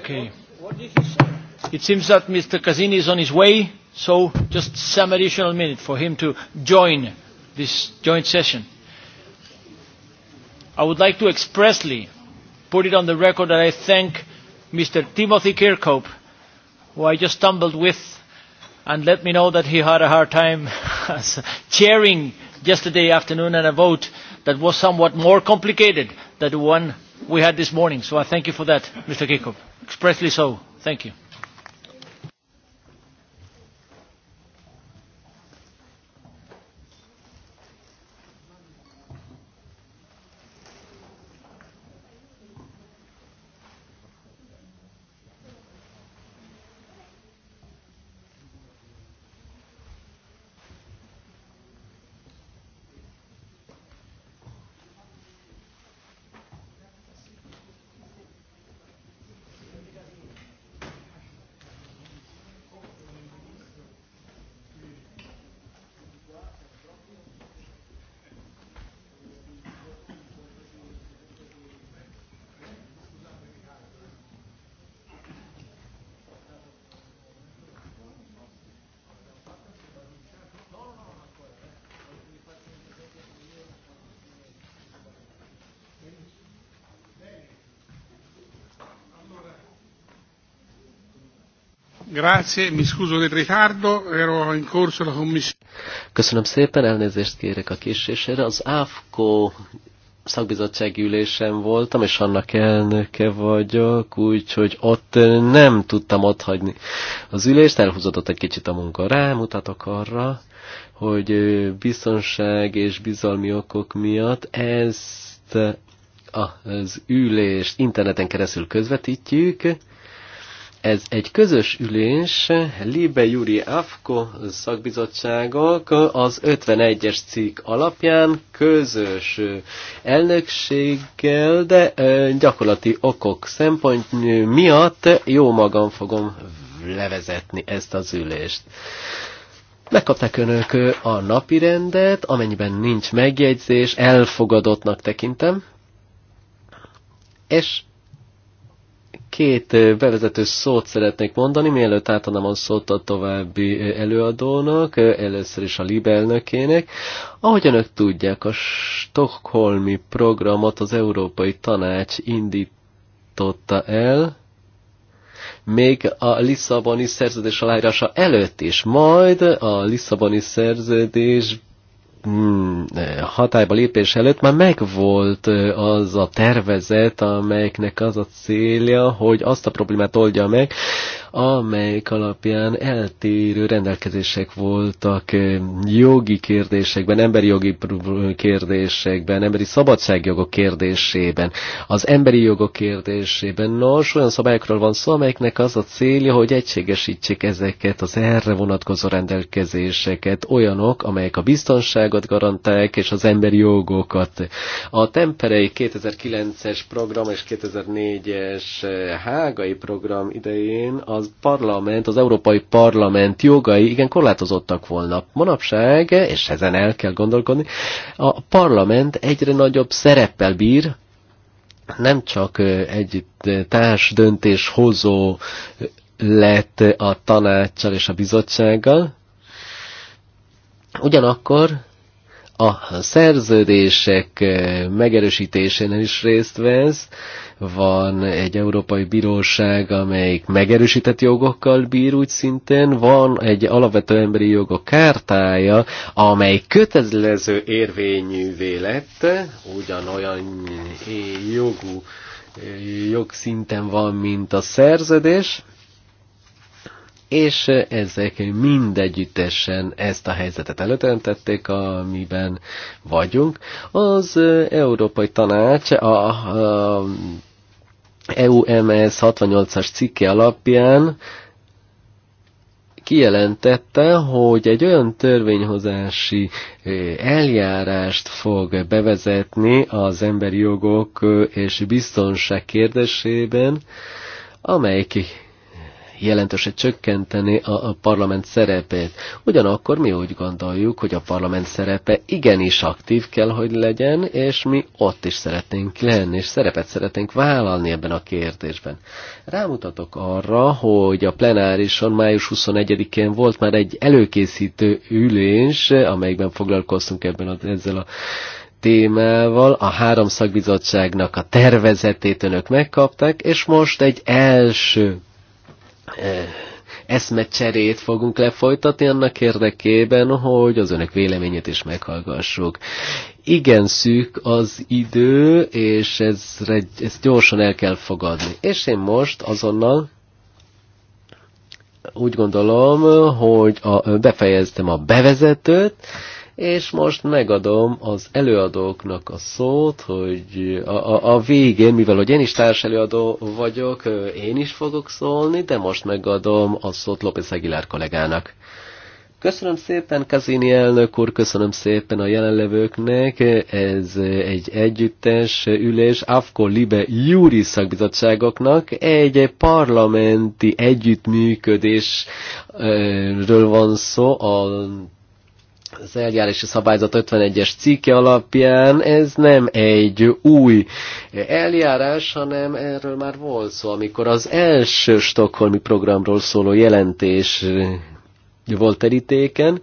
Okay. What did say? It seems that Mr. Kazini is on his way, so just some additional minute for him to join this joint session. I would like to expressly put it on the record that I thank Mr. Timothy Kirkhope, who I just stumbled with, and let me know that he had a hard time chairing yesterday afternoon and a vote that was somewhat more complicated than the one we had this morning, so I thank you for that, Mr. Kirkhope. Expressly so. Thank you. Grazie, mi scuso del ritardo, ero in corso la commissione. Köszönöm szépen, elnézést kérek a késésére. Az AFKO szakbizottsági ülésen voltam, és annak elnöke vagyok, úgyhogy ott nem tudtam hagyni az ülést, elhúzódott egy kicsit a munka. mutatok arra, hogy biztonság és bizalmi okok miatt ezt az ülést interneten keresztül közvetítjük, ez egy közös ülés, Libe Juri Afko szakbizottságok az 51-es cikk alapján közös elnökséggel, de gyakorlati okok szempont miatt jó magam fogom levezetni ezt az ülést. Megkapták önök a napi rendet, amennyiben nincs megjegyzés, elfogadottnak tekintem, és két bevezető szót szeretnék mondani, mielőtt átadom a szót a további előadónak, először is a LIB elnökének. Ahogy önök tudják, a Stockholmi programot az Európai Tanács indította el, még a Lisszaboni szerződés aláírása előtt is, majd a Lisszaboni szerződés Hmm, eh, hatályba lépés előtt már megvolt eh, az a tervezet, amelyeknek az a célja, hogy azt a problémát oldja meg, amelyek alapján eltérő rendelkezések voltak eh, jogi kérdésekben, emberi jogi kérdésekben, emberi szabadságjogok kérdésében, az emberi jogok kérdésében. Nos, olyan szabályokról van szó, amelyeknek az a célja, hogy egységesítsék ezeket az erre vonatkozó rendelkezéseket, olyanok, amelyek a biztonságot garantálják és az emberi jogokat. A Temperei 2009-es program és 2004-es eh, Hágai program idején az az parlament, az Európai Parlament jogai igen korlátozottak volna. Manapság, és ezen el kell gondolkodni, a parlament egyre nagyobb szereppel bír, nem csak egy társ döntéshozó lett a tanácssal és a bizottsággal, ugyanakkor a szerződések eh, megerősítésénél is részt vesz. Van egy Európai Bíróság, amelyik megerősített jogokkal bír úgy szinten. Van egy alapvető emberi jogok kártája, amely kötelező érvényűvé lett, ugyanolyan jogú eh, jogszinten van, mint a szerződés, és ezek mindegyüttesen ezt a helyzetet előteremtették, amiben vagyunk. Az Európai Tanács a, a EUMS 68-as cikke alapján kijelentette, hogy egy olyan törvényhozási eh, eljárást fog bevezetni az emberi jogok eh, és biztonság kérdésében, amelyik jelentősen csökkenteni a, a parlament szerepét. Ugyanakkor mi úgy gondoljuk, hogy a parlament szerepe igenis aktív kell, hogy legyen, és mi ott is szeretnénk lenni, és szerepet szeretnénk vállalni ebben a kérdésben. Rámutatok arra, hogy a plenárison május 21-én volt már egy előkészítő ülés, amelyikben foglalkoztunk ebben a, ezzel a témával a három szakbizottságnak a tervezetét önök megkapták, és most egy első eszmecserét fogunk lefolytatni annak érdekében, hogy az önök véleményét is meghallgassuk. Igen szűk az idő, és ez, ezt gyorsan el kell fogadni. És én most azonnal úgy gondolom, hogy a, befejeztem a bevezetőt, és most megadom az előadóknak a szót, hogy a, a, a végén, mivel hogy én is társelőadó vagyok, én is fogok szólni, de most megadom a szót López Aguilar kollégának. Köszönöm szépen, Kazini elnök úr, köszönöm szépen a jelenlevőknek. Ez egy együttes ülés AFKO Libe Júri szakbizottságoknak. Egy parlamenti együttműködésről van szó a az eljárási szabályzat 51-es cikke alapján ez nem egy új eljárás, hanem erről már volt szó, amikor az első stokholmi programról szóló jelentés volt terítéken.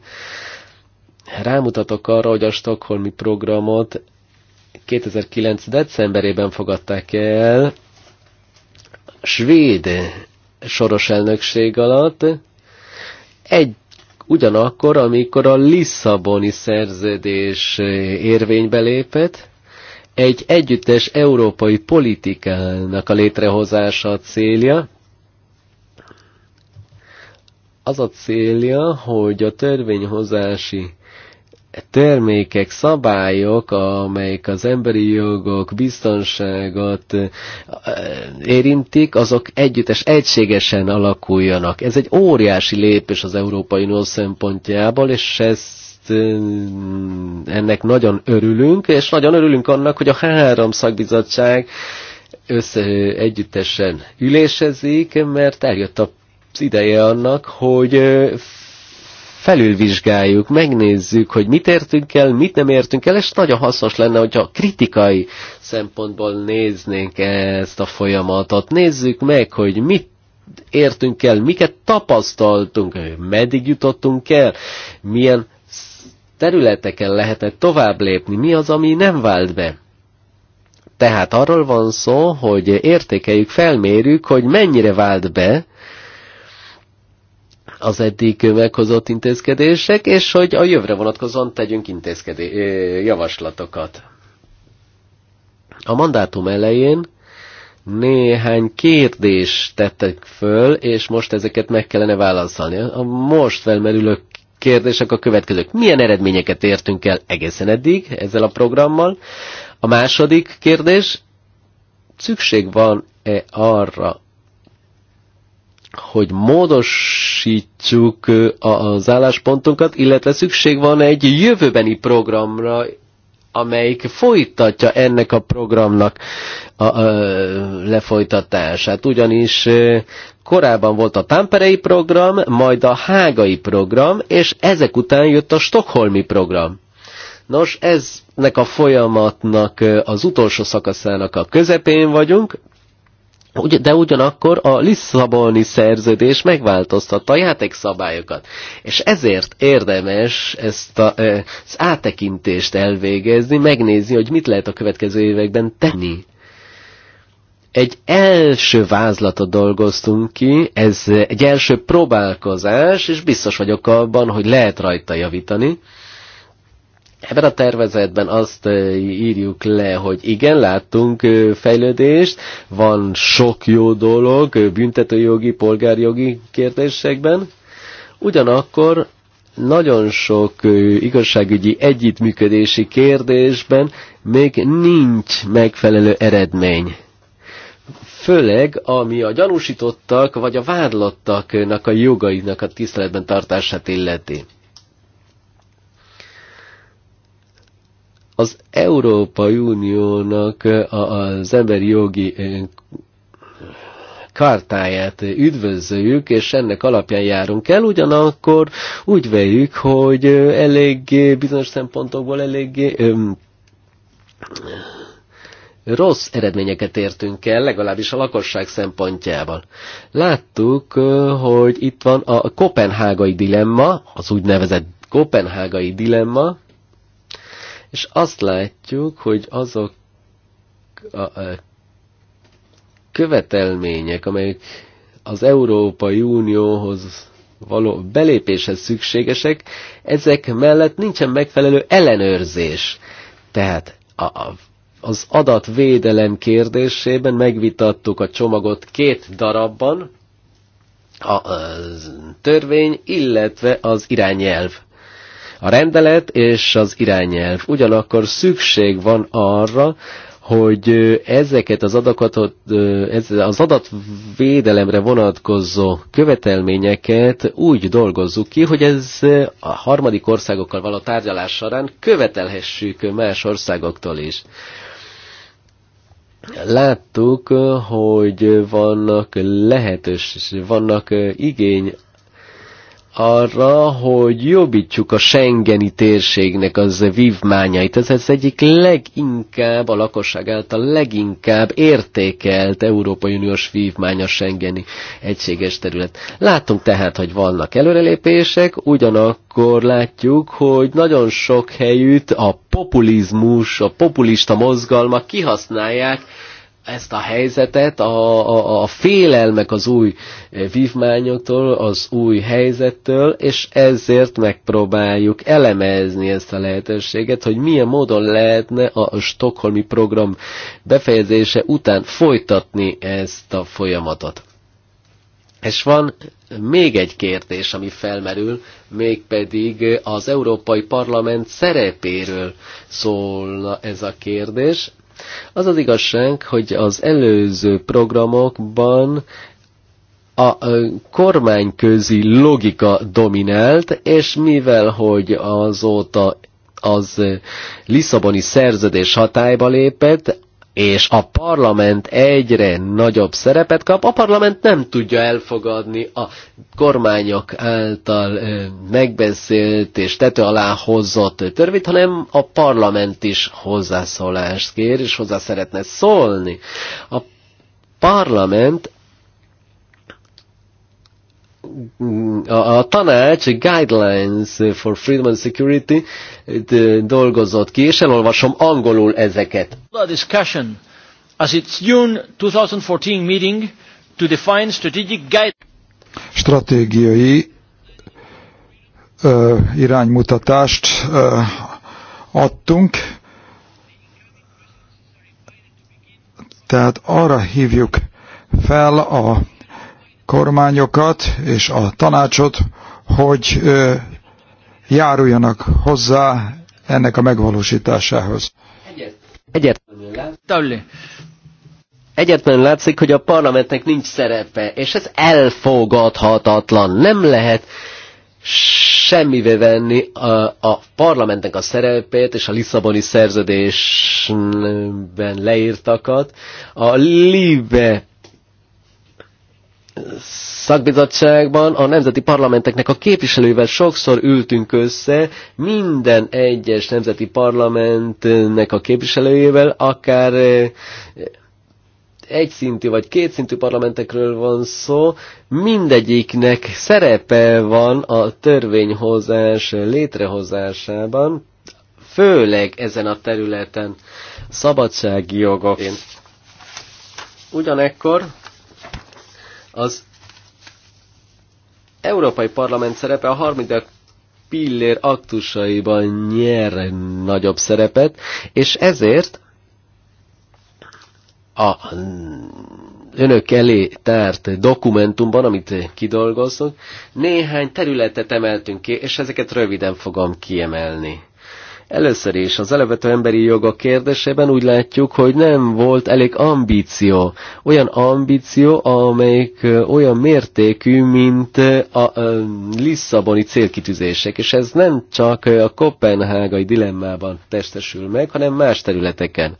Rámutatok arra, hogy a stokholmi programot 2009. decemberében fogadták el svéd soros elnökség alatt, egy Ugyanakkor, amikor a Lisszaboni szerződés érvénybe lépett, egy együttes európai politikának a létrehozása a célja, az a célja, hogy a törvényhozási termékek, szabályok, amelyek az emberi jogok, biztonságot érintik, azok együttes, egységesen alakuljanak. Ez egy óriási lépés az Európai Unió szempontjából, és ez ennek nagyon örülünk, és nagyon örülünk annak, hogy a három szakbizottság össze, együttesen ülésezik, mert eljött a ideje annak, hogy felülvizsgáljuk, megnézzük, hogy mit értünk el, mit nem értünk el, és nagyon hasznos lenne, hogyha kritikai szempontból néznénk ezt a folyamatot. Nézzük meg, hogy mit értünk el, miket tapasztaltunk, meddig jutottunk el, milyen területeken lehetett tovább lépni, mi az, ami nem vált be. Tehát arról van szó, hogy értékeljük, felmérjük, hogy mennyire vált be, az eddig meghozott intézkedések, és hogy a jövőre vonatkozóan tegyünk intézkedé- javaslatokat. A mandátum elején néhány kérdést tettek föl, és most ezeket meg kellene válaszolni. A most felmerülő kérdések a következők. Milyen eredményeket értünk el egészen eddig ezzel a programmal? A második kérdés, szükség van-e arra, hogy módosítjuk az álláspontunkat, illetve szükség van egy jövőbeni programra, amelyik folytatja ennek a programnak a, a, lefolytatását. Ugyanis korábban volt a Tamperei program, majd a Hágai program, és ezek után jött a Stockholmi program. Nos, eznek a folyamatnak az utolsó szakaszának a közepén vagyunk, de ugyanakkor a Lisszaboni szerződés megváltoztatta a játékszabályokat. És ezért érdemes ezt a, az átekintést elvégezni, megnézni, hogy mit lehet a következő években tenni. Egy első vázlatot dolgoztunk ki, ez egy első próbálkozás, és biztos vagyok abban, hogy lehet rajta javítani. Ebben a tervezetben azt írjuk le, hogy igen, láttunk fejlődést, van sok jó dolog büntetőjogi, polgárjogi kérdésekben, ugyanakkor nagyon sok igazságügyi együttműködési kérdésben még nincs megfelelő eredmény. Főleg, ami a gyanúsítottak vagy a vádlottaknak a jogainak a tiszteletben tartását illeti. az Európai Uniónak az emberi jogi kartáját üdvözöljük, és ennek alapján járunk el, ugyanakkor úgy véljük, hogy elég bizonyos szempontokból elég öm, rossz eredményeket értünk el, legalábbis a lakosság szempontjával. Láttuk, hogy itt van a kopenhágai dilemma, az úgynevezett kopenhágai dilemma, és azt látjuk, hogy azok a, a követelmények, amelyek az Európai Unióhoz való belépéshez szükségesek, ezek mellett nincsen megfelelő ellenőrzés. Tehát a, a, az adatvédelem kérdésében megvitattuk a csomagot két darabban, a, a törvény, illetve az irányelv a rendelet és az irányelv. Ugyanakkor szükség van arra, hogy ezeket az adatokat, ez az adatvédelemre vonatkozó követelményeket úgy dolgozzuk ki, hogy ez a harmadik országokkal való tárgyalás során követelhessük más országoktól is. Láttuk, hogy vannak lehetős, vannak igény arra, hogy jobbítsuk a Schengeni térségnek az vívmányait. Ez az egyik leginkább, a lakosság által leginkább értékelt Európai Uniós vívmány a Schengeni egységes terület. Látunk tehát, hogy vannak előrelépések, ugyanakkor látjuk, hogy nagyon sok helyütt a populizmus, a populista mozgalmak kihasználják ezt a helyzetet, a, a, a félelmek az új eh, vívmányoktól, az új helyzettől, és ezért megpróbáljuk elemezni ezt a lehetőséget, hogy milyen módon lehetne a stokholmi program befejezése után folytatni ezt a folyamatot. És van még egy kérdés, ami felmerül, mégpedig az Európai Parlament szerepéről szólna ez a kérdés, az az igazság, hogy az előző programokban a kormányközi logika dominált, és mivel hogy azóta az Lisszaboni szerződés hatályba lépett, és a parlament egyre nagyobb szerepet kap, a parlament nem tudja elfogadni a kormányok által megbeszélt és tető alá hozott törvényt, hanem a parlament is hozzászólást kér, és hozzá szeretne szólni. A parlament a, a tanács Guidelines for Freedom and Security dolgozott ki, és elolvasom angolul ezeket. A discussion as its June 2014 meeting to define strategic guide stratégiai ö, iránymutatást ö, adtunk, tehát arra hívjuk fel a kormányokat és a tanácsot, hogy járuljanak hozzá ennek a megvalósításához. Egyetlen látszik, hogy a parlamentnek nincs szerepe, és ez elfogadhatatlan. Nem lehet semmivé venni a, a parlamentnek a szerepét és a Lisszaboni szerződésben leírtakat. A Libe szakbizottságban a nemzeti parlamenteknek a képviselővel sokszor ültünk össze, minden egyes nemzeti parlamentnek a képviselőjével, akár eh, egyszintű vagy kétszintű parlamentekről van szó, mindegyiknek szerepe van a törvényhozás létrehozásában, főleg ezen a területen szabadságjogok. Ugyanekkor az Európai Parlament szerepe a harmadik pillér aktusaiban nyer nagyobb szerepet, és ezért a önök elé tárt dokumentumban, amit kidolgozunk, néhány területet emeltünk ki, és ezeket röviden fogom kiemelni. Először is az elevető emberi jogok kérdésében úgy látjuk, hogy nem volt elég ambíció. Olyan ambíció, amelyik olyan mértékű, mint a, a Lisszaboni célkitűzések, és ez nem csak a kopenhágai dilemmában testesül meg, hanem más területeken.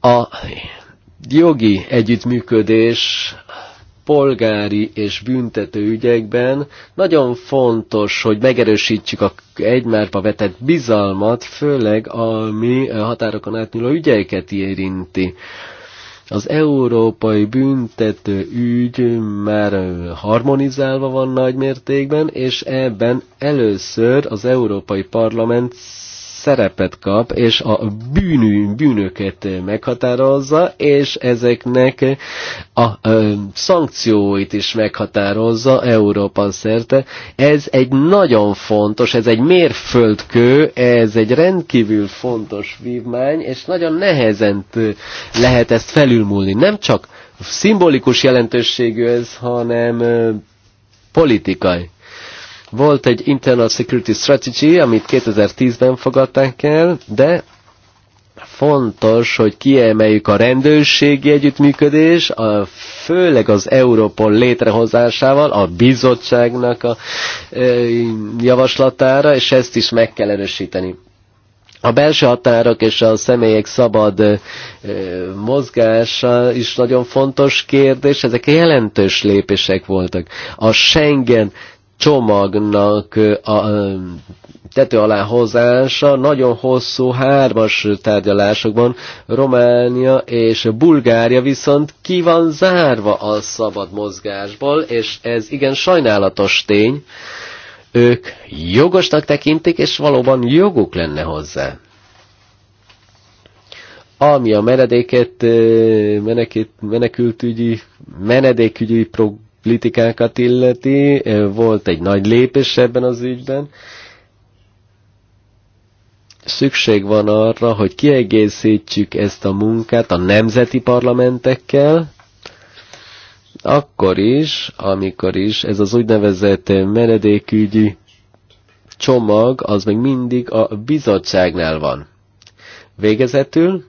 A jogi együttműködés polgári és büntető ügyekben nagyon fontos, hogy megerősítsük a egymárba vetett bizalmat, főleg ami határokon átnyúló ügyeket érinti. Az európai büntető ügy már harmonizálva van nagy mértékben, és ebben először az Európai Parlament szerepet kap, és a bűnű, bűnöket meghatározza, és ezeknek a ö, szankcióit is meghatározza Európa szerte. Ez egy nagyon fontos, ez egy mérföldkő, ez egy rendkívül fontos vívmány, és nagyon nehezen lehet ezt felülmúlni. Nem csak szimbolikus jelentőségű ez, hanem ö, politikai. Volt egy Internal Security Strategy, amit 2010-ben fogadták el, de fontos, hogy kiemeljük a rendőrségi együttműködés, a, főleg az Európol létrehozásával, a bizottságnak a ö, javaslatára, és ezt is meg kell erősíteni. A belső határok és a személyek szabad ö, mozgása is nagyon fontos kérdés, ezek jelentős lépések voltak. A Schengen csomagnak a tető alá hozása nagyon hosszú hármas tárgyalásokban Románia és Bulgária viszont ki van zárva a szabad mozgásból, és ez igen sajnálatos tény. Ők jogosnak tekintik, és valóban joguk lenne hozzá ami a menedéket, menekült, menekültügyi, menedékügyi pro, politikákat illeti, volt egy nagy lépés ebben az ügyben. Szükség van arra, hogy kiegészítsük ezt a munkát a nemzeti parlamentekkel, akkor is, amikor is ez az úgynevezett menedékügyi csomag, az még mindig a bizottságnál van. Végezetül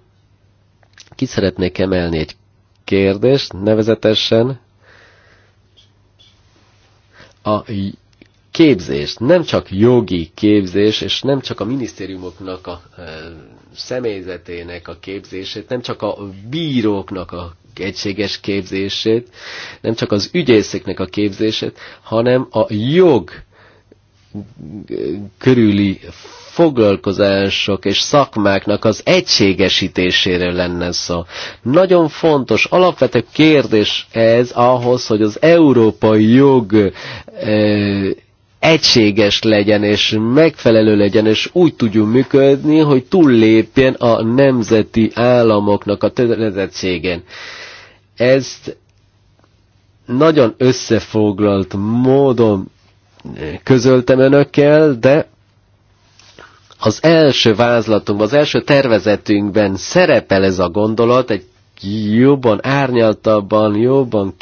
ki szeretnék emelni egy kérdést, nevezetesen a képzést, nem csak jogi képzés, és nem csak a minisztériumoknak a e, személyzetének a képzését, nem csak a bíróknak a egységes képzését, nem csak az ügyészeknek a képzését, hanem a jog körüli foglalkozások és szakmáknak az egységesítéséről lenne szó. Nagyon fontos, alapvető kérdés ez ahhoz, hogy az európai jog e, egységes legyen és megfelelő legyen, és úgy tudjunk működni, hogy túllépjen a nemzeti államoknak a töredettségén. Ezt nagyon összefoglalt módon közöltem önökkel, de az első vázlatunkban, az első tervezetünkben szerepel ez a gondolat, egy jobban árnyaltabban, jobban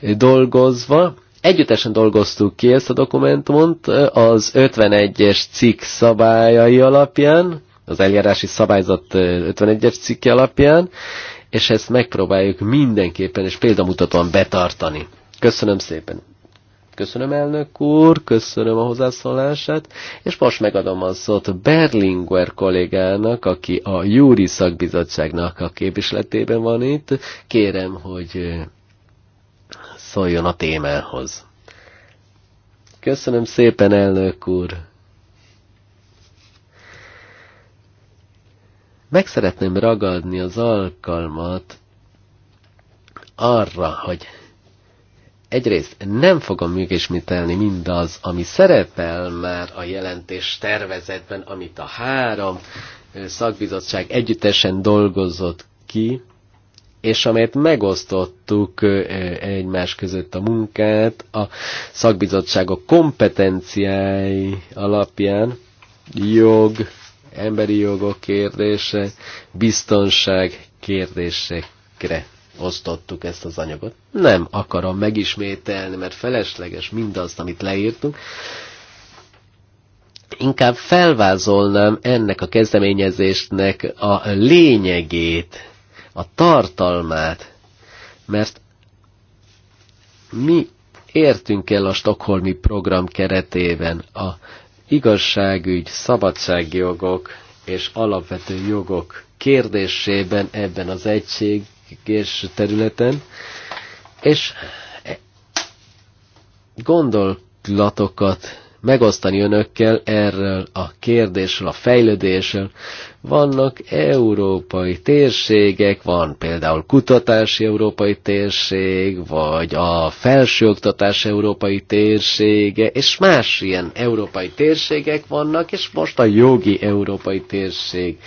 kidolgozva. Együttesen dolgoztuk ki ezt a dokumentumot az 51-es cikk szabályai alapján, az eljárási szabályzat 51-es cikke alapján, és ezt megpróbáljuk mindenképpen és példamutatóan betartani. Köszönöm szépen! Köszönöm elnök úr, köszönöm a hozzászólását, és most megadom a szót Berlinguer kollégának, aki a Júri Szakbizottságnak a képviseletében van itt. Kérem, hogy szóljon a témához. Köszönöm szépen, elnök úr! Meg szeretném ragadni az alkalmat arra, hogy egyrészt nem fogom műkésmételni mindaz, ami szerepel már a jelentés tervezetben, amit a három szakbizottság együttesen dolgozott ki, és amelyet megosztottuk egymás között a munkát a szakbizottságok kompetenciái alapján, jog, emberi jogok kérdése, biztonság kérdésekre osztottuk ezt az anyagot. Nem akarom megismételni, mert felesleges mindazt, amit leírtunk. Inkább felvázolnám ennek a kezdeményezésnek a lényegét, a tartalmát, mert mi értünk el a Stockholmi program keretében a igazságügy, szabadságjogok és alapvető jogok kérdésében ebben az egység és területen, és gondolatokat megosztani önökkel erről a kérdésről, a fejlődésről. Vannak európai térségek, van például kutatási európai térség, vagy a felsőoktatás európai térsége, és más ilyen európai térségek vannak, és most a jogi európai térség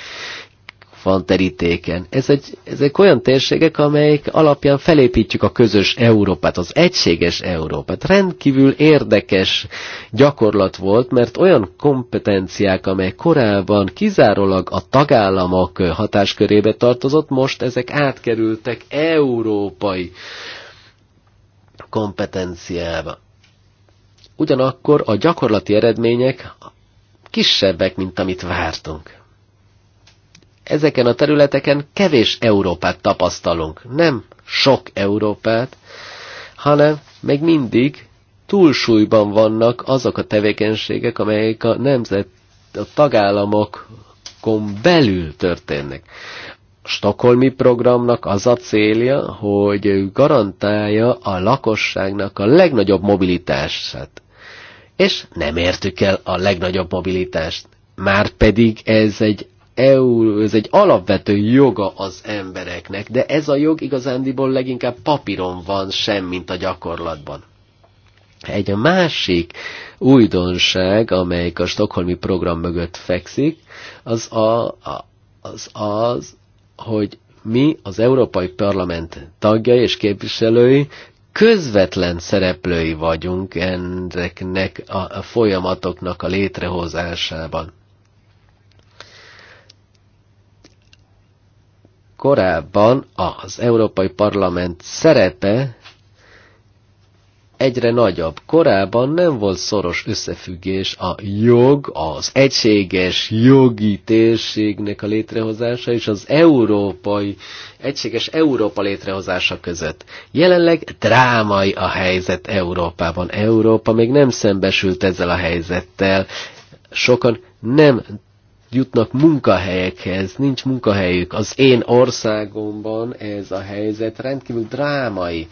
van terítéken. Ez egy, ezek olyan térségek, amelyek alapján felépítjük a közös Európát, az egységes Európát. Rendkívül érdekes gyakorlat volt, mert olyan kompetenciák, amely korábban kizárólag a tagállamok hatáskörébe tartozott, most ezek átkerültek európai kompetenciába. Ugyanakkor a gyakorlati eredmények kisebbek, mint amit vártunk ezeken a területeken kevés Európát tapasztalunk. Nem sok Európát, hanem még mindig túlsúlyban vannak azok a tevékenységek, amelyek a nemzet, a tagállamokon belül történnek. A Stokholmi programnak az a célja, hogy garantálja a lakosságnak a legnagyobb mobilitását. És nem értük el a legnagyobb mobilitást. Márpedig ez egy EU, ez egy alapvető joga az embereknek, de ez a jog igazándiból leginkább papíron van, sem mint a gyakorlatban. Egy másik újdonság, amelyik a stokholmi program mögött fekszik, az a, az, az, hogy mi, az Európai Parlament tagjai és képviselői közvetlen szereplői vagyunk ennek a folyamatoknak a létrehozásában. korábban az Európai Parlament szerepe egyre nagyobb. Korábban nem volt szoros összefüggés a jog, az egységes jogi térségnek a létrehozása és az európai, egységes Európa létrehozása között. Jelenleg drámai a helyzet Európában. Európa még nem szembesült ezzel a helyzettel. Sokan nem jutnak munkahelyekhez, nincs munkahelyük. Az én országomban ez a helyzet rendkívül drámai.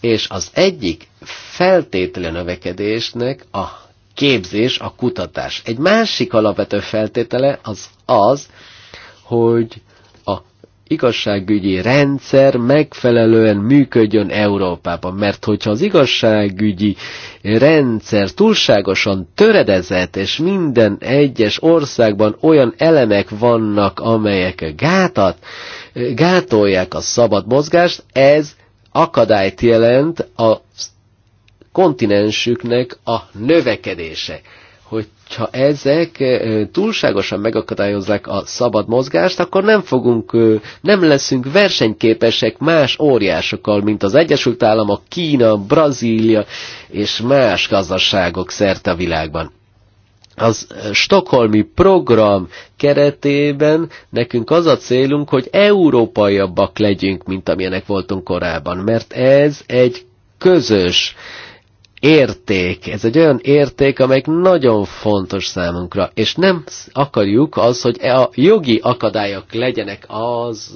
És az egyik feltétele növekedésnek a képzés, a kutatás. Egy másik alapvető feltétele az az, hogy igazságügyi rendszer megfelelően működjön Európában. Mert hogyha az igazságügyi rendszer túlságosan töredezett, és minden egyes országban olyan elemek vannak, amelyek gátat, gátolják a szabad mozgást, ez akadályt jelent a kontinensüknek a növekedése ha ezek túlságosan megakadályozzák a szabad mozgást, akkor nem fogunk, nem leszünk versenyképesek más óriásokkal, mint az Egyesült Államok, Kína, Brazília és más gazdaságok szerte a világban az stokholmi program keretében nekünk az a célunk, hogy európaiabbak legyünk, mint amilyenek voltunk korábban, mert ez egy közös érték. Ez egy olyan érték, amely nagyon fontos számunkra, és nem akarjuk az, hogy a jogi akadályok legyenek az,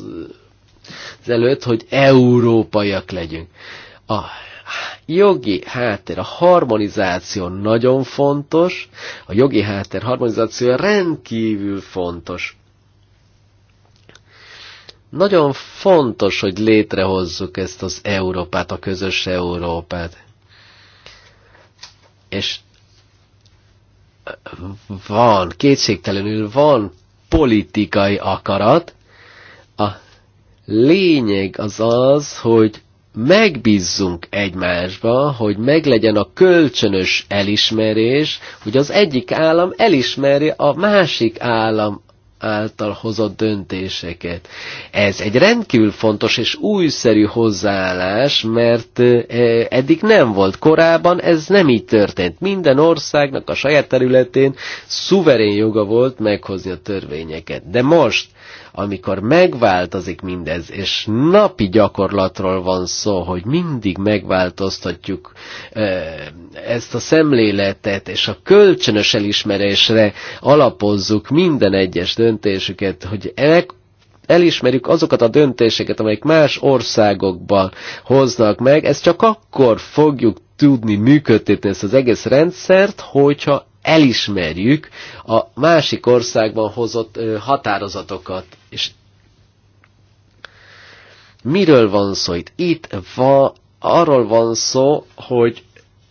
az előtt, hogy európaiak legyünk. A jogi háttér, a harmonizáció nagyon fontos, a jogi háttér harmonizáció rendkívül fontos. Nagyon fontos, hogy létrehozzuk ezt az Európát, a közös Európát és van, kétségtelenül van politikai akarat, a lényeg az az, hogy megbízzunk egymásba, hogy meglegyen a kölcsönös elismerés, hogy az egyik állam elismeri a másik állam által hozott döntéseket. Ez egy rendkívül fontos és újszerű hozzáállás, mert eddig nem volt. Korábban ez nem így történt. Minden országnak a saját területén szuverén joga volt meghozni a törvényeket. De most amikor megváltozik mindez, és napi gyakorlatról van szó, hogy mindig megváltoztatjuk ezt a szemléletet, és a kölcsönös elismerésre alapozzuk minden egyes döntésüket, hogy ek elismerjük azokat a döntéseket, amelyek más országokban hoznak meg, ezt csak akkor fogjuk tudni működtetni ezt az egész rendszert, hogyha elismerjük a másik országban hozott határozatokat. És miről van szó itt? Itt va, arról van szó, hogy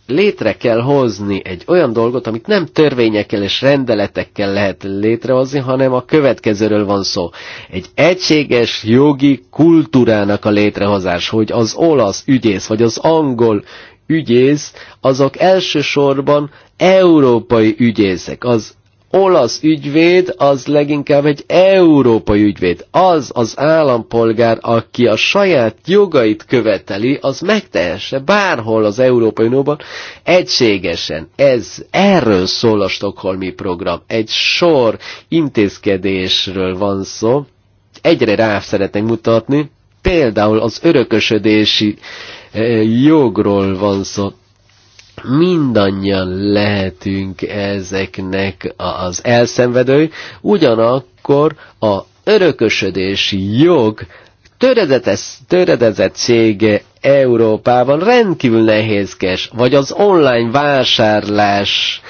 létre kell hozni egy olyan dolgot, amit nem törvényekkel és rendeletekkel lehet létrehozni, hanem a következőről van szó. Egy egységes jogi kultúrának a létrehozás, hogy az olasz ügyész vagy az angol ügyész, azok elsősorban európai ügyészek. Az olasz ügyvéd az leginkább egy európai ügyvéd. Az az állampolgár, aki a saját jogait követeli, az megtehesse bárhol az Európai Unióban egységesen. Ez erről szól a Stockholmi program. Egy sor intézkedésről van szó. Egyre rá szeretnék mutatni. Például az örökösödési eh, jogról van szó mindannyian lehetünk ezeknek az elszenvedői, ugyanakkor a örökösödési jog töredezett cége Európában rendkívül nehézkes, vagy az online vásárlás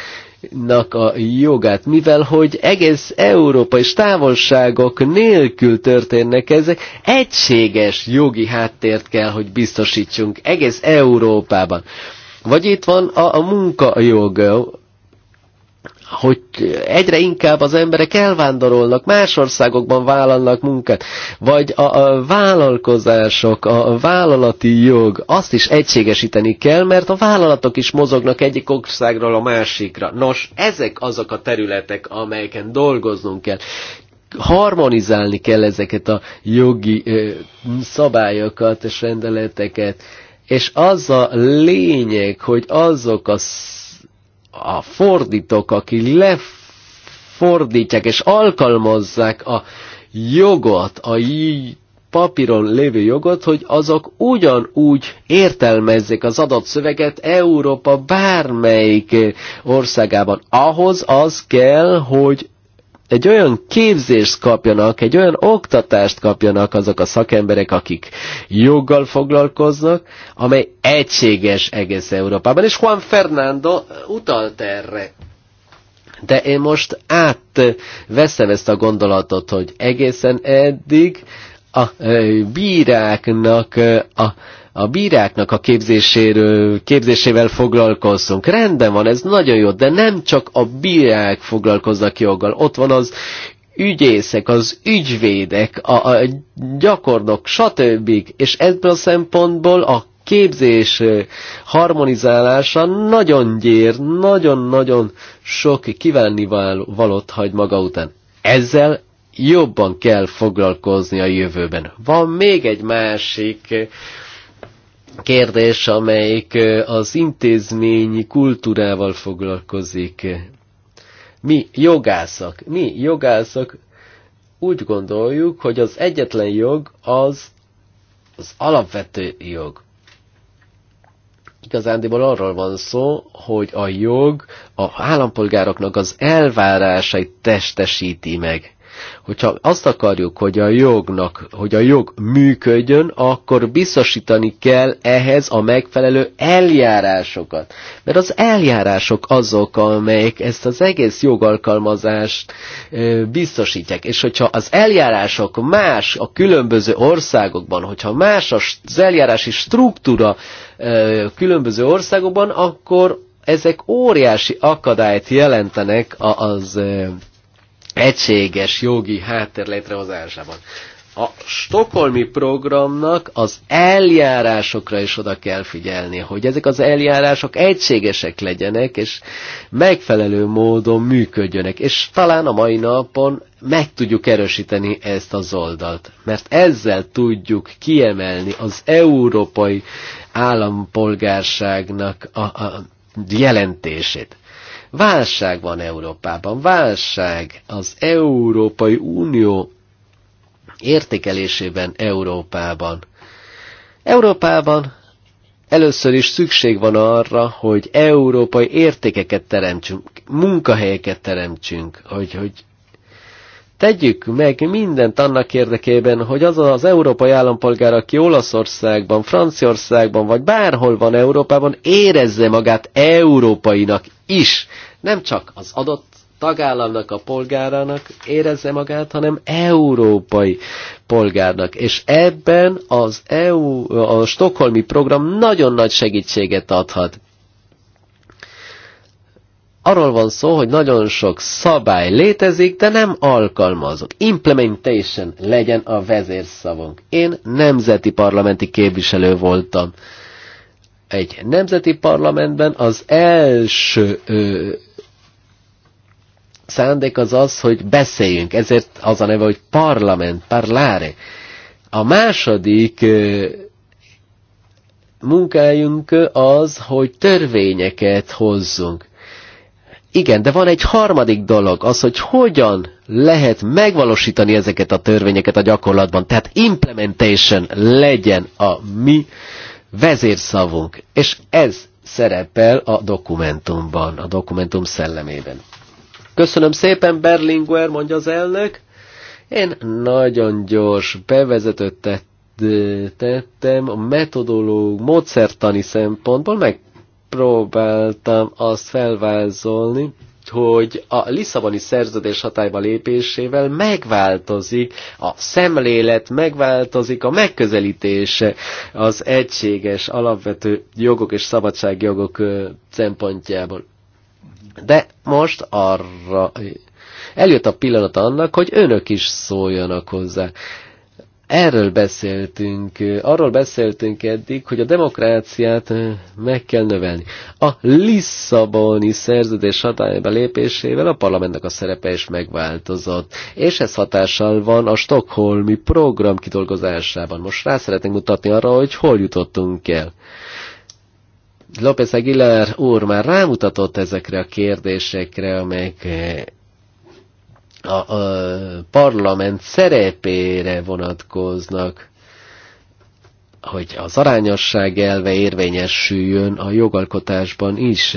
a jogát, mivel hogy egész Európa és távolságok nélkül történnek ezek, egységes jogi háttért kell, hogy biztosítsunk egész Európában. Vagy itt van a, a munkajog, hogy egyre inkább az emberek elvándorolnak, más országokban vállalnak munkát, vagy a, a vállalkozások, a vállalati jog, azt is egységesíteni kell, mert a vállalatok is mozognak egyik országról a másikra. Nos, ezek azok a területek, amelyeken dolgoznunk kell. Harmonizálni kell ezeket a jogi ö, szabályokat és rendeleteket. Ö, és az a lényeg, hogy azok a, a fordítók, akik lefordítják és alkalmazzák a jogot, a papíron lévő jogot, hogy azok ugyanúgy értelmezzék az adott szöveget Európa bármelyik országában. Ahhoz az kell, hogy egy olyan képzést kapjanak, egy olyan oktatást kapjanak azok a szakemberek, akik joggal foglalkoznak, amely egységes egész Európában. És Juan Fernando utalt erre. De én most átveszem ezt a gondolatot, hogy egészen eddig a bíráknak a a bíráknak a képzésével foglalkozzunk. Rendben van, ez nagyon jó, de nem csak a bírák foglalkoznak joggal. Ott van az ügyészek, az ügyvédek, a, a gyakornok, stb. És ebből a szempontból a képzés harmonizálása nagyon gyér, nagyon-nagyon sok valót hagy maga után. Ezzel jobban kell foglalkozni a jövőben. Van még egy másik kérdés, amelyik az intézményi kultúrával foglalkozik. Mi jogászak, mi jogászak úgy gondoljuk, hogy az egyetlen jog az az alapvető jog. Igazándiból arról van szó, hogy a jog a állampolgároknak az elvárásait testesíti meg. Hogyha azt akarjuk, hogy a jognak, hogy a jog működjön, akkor biztosítani kell ehhez a megfelelő eljárásokat. Mert az eljárások azok, amelyek ezt az egész jogalkalmazást biztosítják. És hogyha az eljárások más a különböző országokban, hogyha más az eljárási struktúra különböző országokban, akkor ezek óriási akadályt jelentenek az egységes jogi háttér létrehozásában. A stokholmi programnak az eljárásokra is oda kell figyelni, hogy ezek az eljárások egységesek legyenek, és megfelelő módon működjönek. És talán a mai napon meg tudjuk erősíteni ezt az oldalt, mert ezzel tudjuk kiemelni az európai állampolgárságnak a, a jelentését. Válság van Európában, válság az Európai Unió értékelésében Európában. Európában először is szükség van arra, hogy európai értékeket teremtsünk, munkahelyeket teremtsünk, hogy, hogy tegyük meg mindent annak érdekében, hogy az az európai állampolgár, aki Olaszországban, Franciaországban, vagy bárhol van Európában, érezze magát európainak, is. Nem csak az adott tagállamnak, a polgárának érezze magát, hanem európai polgárnak. És ebben az EU, a stokholmi program nagyon nagy segítséget adhat. Arról van szó, hogy nagyon sok szabály létezik, de nem alkalmazok. Implementation legyen a vezérszavunk. Én nemzeti parlamenti képviselő voltam egy nemzeti parlamentben az első ö, szándék az az, hogy beszéljünk, ezért az a neve, hogy parlament, parlare. A második ö, munkájunk az, hogy törvényeket hozzunk. Igen, de van egy harmadik dolog, az, hogy hogyan lehet megvalósítani ezeket a törvényeket a gyakorlatban. Tehát implementation legyen a mi vezérszavunk, és ez szerepel a dokumentumban, a dokumentum szellemében. Köszönöm szépen, Berlinguer, mondja az elnök. Én nagyon gyors bevezetőt tettem a metodológ módszertani szempontból, megpróbáltam azt felvázolni, hogy a Lisszaboni szerződés hatályba lépésével megváltozik a szemlélet, megváltozik a megközelítése az egységes alapvető jogok és szabadságjogok szempontjából. De most arra eljött a pillanat annak, hogy önök is szóljanak hozzá. Erről beszéltünk, arról beszéltünk eddig, hogy a demokráciát meg kell növelni. A Lisszaboni szerződés hatályba lépésével a parlamentnek a szerepe is megváltozott, és ez hatással van a Stockholmi program kidolgozásában. Most rá szeretnénk mutatni arra, hogy hol jutottunk el. López Aguilar úr már rámutatott ezekre a kérdésekre, amelyek a, a parlament szerepére vonatkoznak, hogy az arányosság elve érvényesüljön a jogalkotásban is.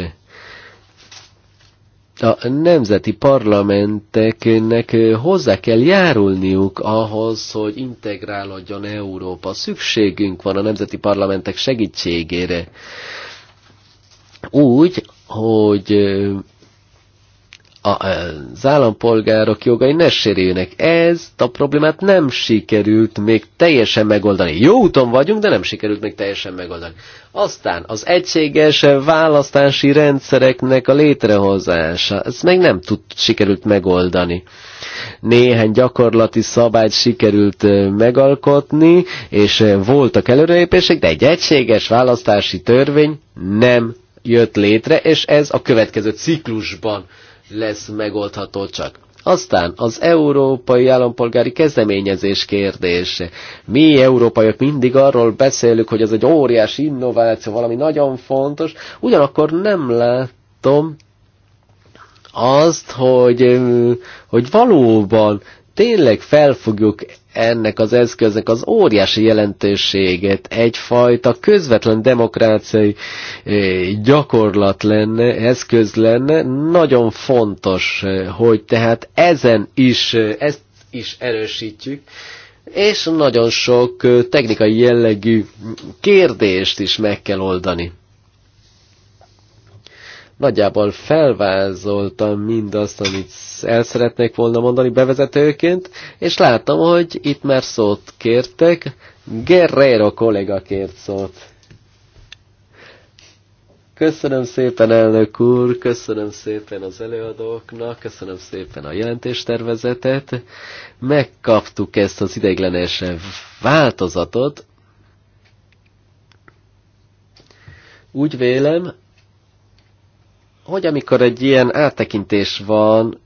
A nemzeti parlamenteknek hozzá kell járulniuk ahhoz, hogy integrálódjon Európa. Szükségünk van a nemzeti parlamentek segítségére. Úgy, hogy az állampolgárok jogai ne sérüljenek. ez, a problémát nem sikerült még teljesen megoldani. Jó úton vagyunk, de nem sikerült még teljesen megoldani. Aztán az egységes választási rendszereknek a létrehozása, ezt meg nem tud, sikerült megoldani. Néhány gyakorlati szabályt sikerült megalkotni, és voltak előrelépések, de egy egységes választási törvény nem jött létre, és ez a következő ciklusban lesz megoldható csak. Aztán az európai állampolgári kezdeményezés kérdése. Mi európaiak mindig arról beszélünk, hogy ez egy óriási innováció, valami nagyon fontos, ugyanakkor nem látom azt, hogy, hogy valóban tényleg fel fogjuk ennek az eszköznek az óriási jelentőséget egyfajta közvetlen demokráciai eh, gyakorlat lenne, eszköz lenne, nagyon fontos, eh, hogy tehát ezen is, eh, ezt is erősítjük, és nagyon sok technikai jellegű kérdést is meg kell oldani. Nagyjából felvázoltam mindazt, amit el szeretnék volna mondani bevezetőként, és látom, hogy itt már szót kértek. Guerrero kollega kért szót. Köszönöm szépen, elnök úr, köszönöm szépen az előadóknak, köszönöm szépen a jelentéstervezetet. Megkaptuk ezt az ideiglenes változatot. Úgy vélem, hogy amikor egy ilyen áttekintés van,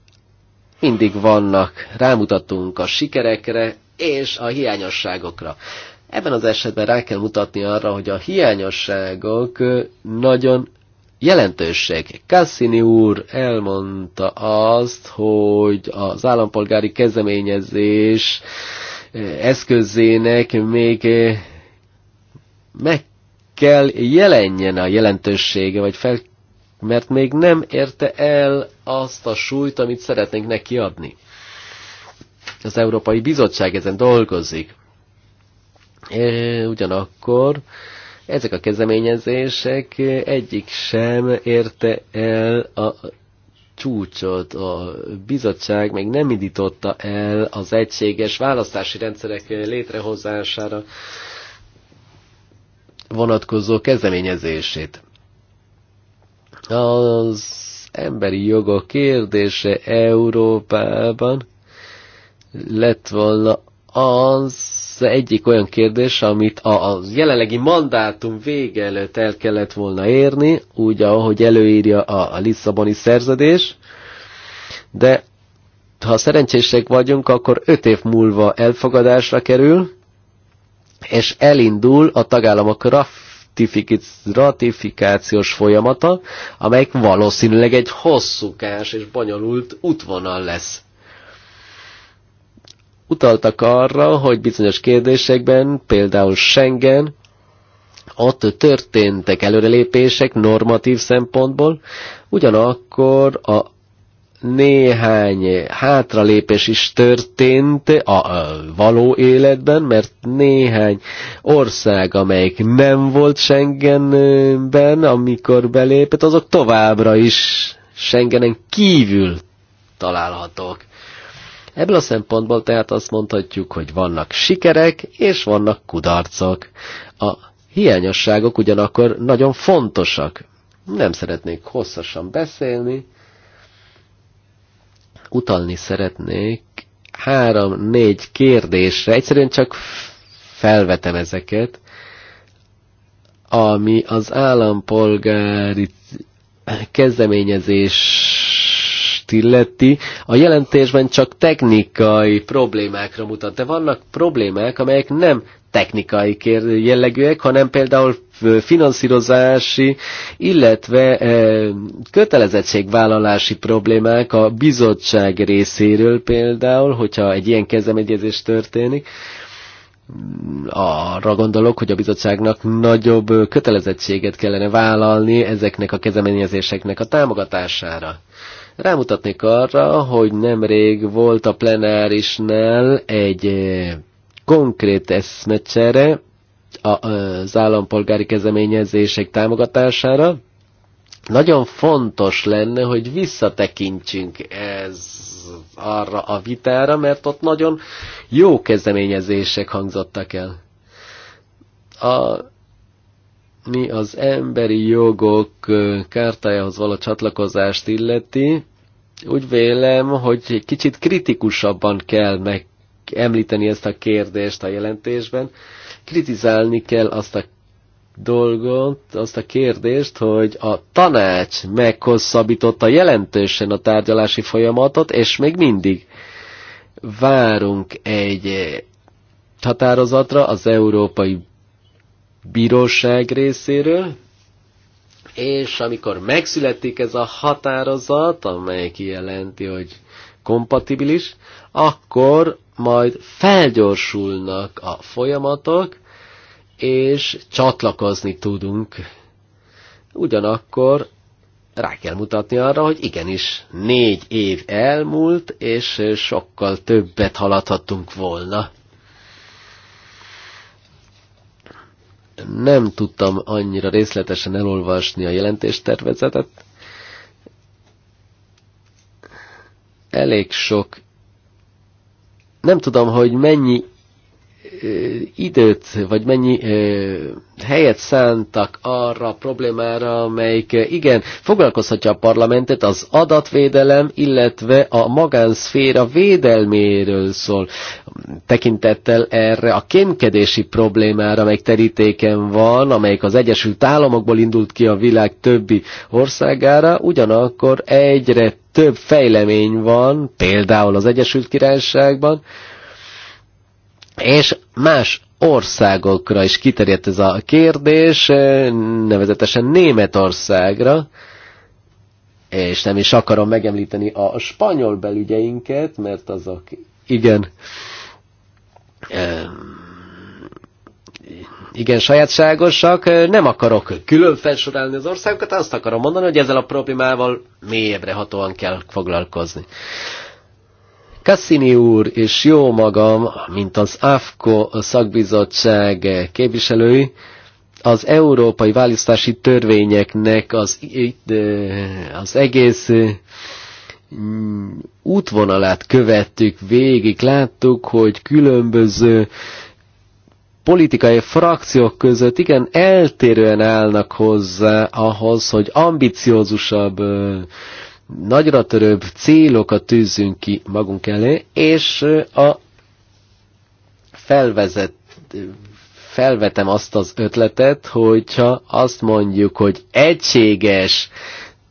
mindig vannak, rámutatunk a sikerekre és a hiányosságokra. Ebben az esetben rá kell mutatni arra, hogy a hiányosságok nagyon jelentőség. Cassini úr elmondta azt, hogy az állampolgári kezdeményezés eszközének még meg kell jelenjen a jelentősége, vagy fel mert még nem érte el azt a súlyt, amit szeretnénk neki adni. Az Európai Bizottság ezen dolgozik. E, ugyanakkor ezek a kezdeményezések egyik sem érte el a csúcsot. A bizottság még nem indította el az egységes választási rendszerek létrehozására vonatkozó kezdeményezését. Az emberi jogok kérdése Európában lett volna az egyik olyan kérdés, amit a, jelenlegi mandátum vége előtt el kellett volna érni, úgy ahogy előírja a, Lisszaboni szerződés, de ha szerencsések vagyunk, akkor öt év múlva elfogadásra kerül, és elindul a tagállamok ratifikációs folyamata, amelyik valószínűleg egy hosszúkás és bonyolult útvonal lesz. Utaltak arra, hogy bizonyos kérdésekben, például Schengen, ott történtek előrelépések normatív szempontból, ugyanakkor a néhány hátralépés is történt a, a való életben, mert néhány ország, amelyik nem volt Schengenben, amikor belépett, azok továbbra is Schengenen kívül találhatók. Ebből a szempontból tehát azt mondhatjuk, hogy vannak sikerek és vannak kudarcok. A hiányosságok ugyanakkor nagyon fontosak. Nem szeretnék hosszasan beszélni, utalni szeretnék három-négy kérdésre. Egyszerűen csak felvetem ezeket, ami az állampolgári kezdeményezés illeti. A jelentésben csak technikai problémákra mutat, de vannak problémák, amelyek nem technikai jellegűek, hanem például finanszírozási, illetve kötelezettségvállalási problémák a bizottság részéről például, hogyha egy ilyen kezdeményezés történik, arra gondolok, hogy a bizottságnak nagyobb kötelezettséget kellene vállalni ezeknek a kezdeményezéseknek a támogatására. Rámutatnék arra, hogy nemrég volt a plenárisnál egy konkrét eszmecsere az állampolgári kezdeményezések támogatására. Nagyon fontos lenne, hogy visszatekintsünk ez arra a vitára, mert ott nagyon jó kezdeményezések hangzottak el. A, mi az emberi jogok kártájához való csatlakozást illeti, úgy vélem, hogy kicsit kritikusabban kell meg említeni ezt a kérdést a jelentésben. Kritizálni kell azt a dolgot, azt a kérdést, hogy a tanács meghosszabbította jelentősen a tárgyalási folyamatot, és még mindig várunk egy határozatra az Európai Bíróság részéről, és amikor megszületik ez a határozat, amely kijelenti, hogy kompatibilis, akkor majd felgyorsulnak a folyamatok, és csatlakozni tudunk. Ugyanakkor rá kell mutatni arra, hogy igenis négy év elmúlt, és sokkal többet haladhattunk volna. Nem tudtam annyira részletesen elolvasni a jelentéstervezetet. Elég sok nem tudom, hogy mennyi időt, vagy mennyi helyet szántak arra a problémára, amelyik igen, foglalkozhatja a parlamentet, az adatvédelem, illetve a magánszféra védelméről szól. Tekintettel erre a kémkedési problémára, amelyik terítéken van, amelyik az Egyesült Államokból indult ki a világ többi országára, ugyanakkor egyre több fejlemény van, például az Egyesült Királyságban, és más országokra is kiterjedt ez a kérdés, eh, nevezetesen Németországra, és nem is akarom megemlíteni a spanyol belügyeinket, mert azok igen igen sajátságosak, nem akarok külön felsorálni az országokat, azt akarom mondani, hogy ezzel a problémával mélyebbre hatóan kell foglalkozni. Cassini úr és jó magam, mint az AFKO szakbizottság képviselői, az európai választási törvényeknek az, eh, az egész mm, útvonalát követtük végig, láttuk, hogy különböző politikai frakciók között igen eltérően állnak hozzá ahhoz, hogy ambiciózusabb eh, nagyra törőbb célokat tűzünk ki magunk elé, és a felvezet, felvetem azt az ötletet, hogyha azt mondjuk, hogy egységes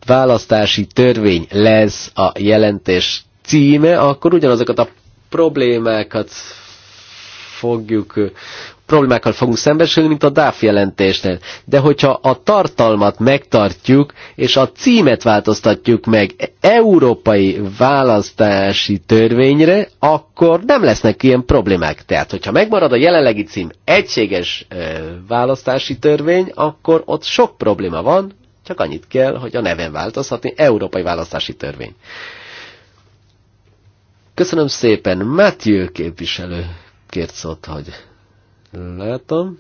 választási törvény lesz a jelentés címe, akkor ugyanazokat a problémákat fogjuk problémákkal fogunk szembesülni, mint a DAF jelentésnél. De hogyha a tartalmat megtartjuk, és a címet változtatjuk meg európai választási törvényre, akkor nem lesznek ilyen problémák. Tehát, hogyha megmarad a jelenlegi cím egységes választási törvény, akkor ott sok probléma van, csak annyit kell, hogy a neven változhatni, európai választási törvény. Köszönöm szépen, Matthew képviselő kért szót, hogy Látom.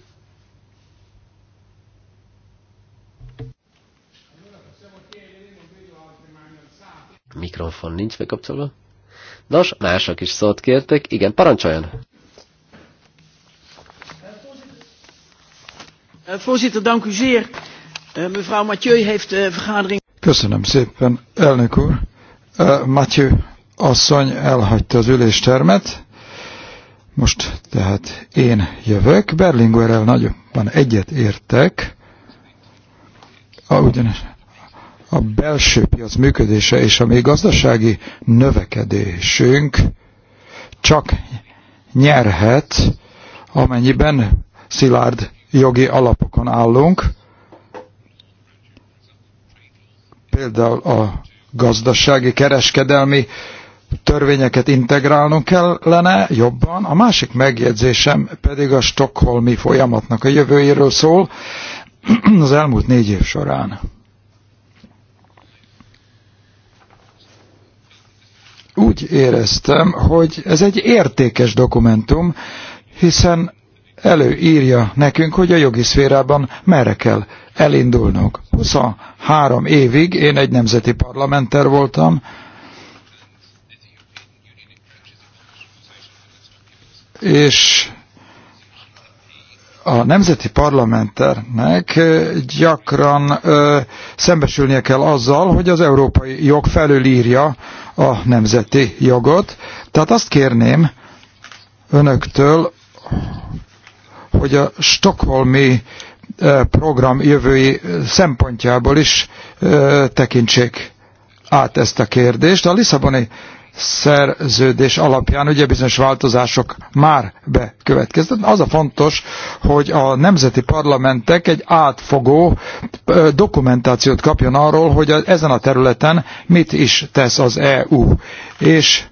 Mikrofon nincs bekapcsolva. Nos, mások is szót kértek. Igen, parancsoljon! Eh, voorzitter, dank u zeer. Eh, mevrouw Mathieu heeft de eh, vergadering... Köszönöm szépen, elnök úr. Mathieu asszony elhagyta az üléstermet. Most tehát én jövök, Berlinguerrel nagyobban egyet értek, a, ugyanis a belső piac működése és a mi gazdasági növekedésünk csak nyerhet, amennyiben szilárd jogi alapokon állunk, például a gazdasági kereskedelmi törvényeket integrálnunk kellene jobban. A másik megjegyzésem pedig a stokholmi folyamatnak a jövőjéről szól az elmúlt négy év során. Úgy éreztem, hogy ez egy értékes dokumentum, hiszen előírja nekünk, hogy a jogi szférában merre kell elindulnunk. 23 évig én egy nemzeti parlamenter voltam, és a nemzeti parlamenternek gyakran ö, szembesülnie kell azzal, hogy az európai jog felülírja a nemzeti jogot. Tehát azt kérném önöktől, hogy a stokholmi program jövői szempontjából is ö, tekintsék át ezt a kérdést. A Lisszaboni szerződés alapján ugye bizonyos változások már bekövetkeztek. Az a fontos, hogy a nemzeti parlamentek egy átfogó dokumentációt kapjon arról, hogy ezen a területen mit is tesz az EU. És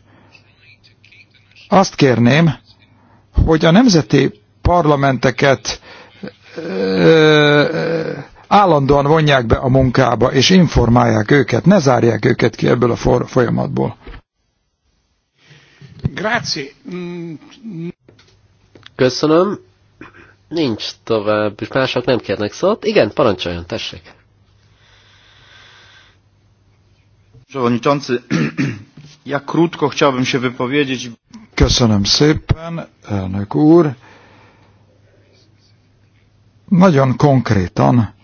azt kérném, hogy a nemzeti parlamenteket állandóan vonják be a munkába, és informálják őket, ne zárják őket ki ebből a folyamatból. Grazie. Köszönöm. Nincs tovább, és mások nem kérnek szót. Igen, parancsoljon, tessék. Przewodniczący, ja krótko chciałbym się wypowiedzieć. Köszönöm szépen, elnök úr. Nagyon konkrétan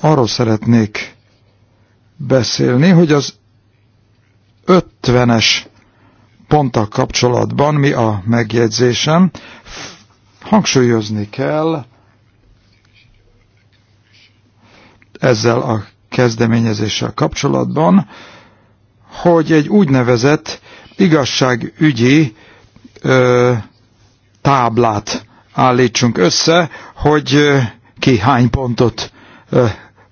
arról szeretnék beszélni, hogy az 50-es ponttal kapcsolatban mi a megjegyzésem. Hangsúlyozni kell ezzel a kezdeményezéssel kapcsolatban, hogy egy úgynevezett igazságügyi ö, táblát állítsunk össze, hogy ö, ki hány pontot ö,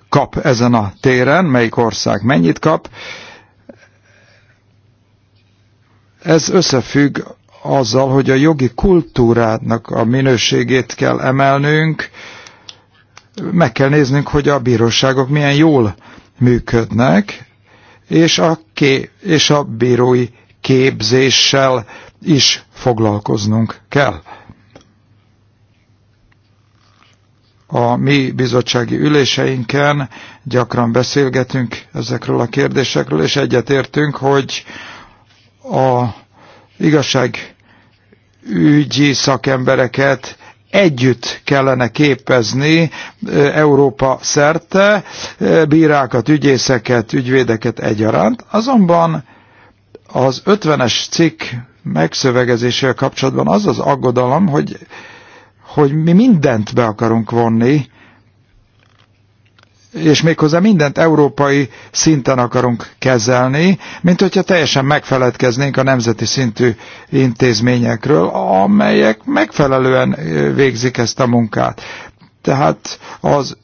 kap ezen a téren, melyik ország mennyit kap, ö, ez összefügg azzal, hogy a jogi kultúrának a minőségét kell emelnünk, meg kell néznünk, hogy a bíróságok milyen jól működnek, és a, ké és a bírói képzéssel is foglalkoznunk kell. A mi bizottsági üléseinken gyakran beszélgetünk ezekről a kérdésekről, és egyetértünk, hogy a igazság ügyi szakembereket együtt kellene képezni Európa szerte, bírákat, ügyészeket, ügyvédeket egyaránt. Azonban az 50-es cikk megszövegezésével kapcsolatban az az aggodalom, hogy, hogy mi mindent be akarunk vonni és méghozzá mindent európai szinten akarunk kezelni, mint hogyha teljesen megfeledkeznénk a nemzeti szintű intézményekről, amelyek megfelelően végzik ezt a munkát. Tehát az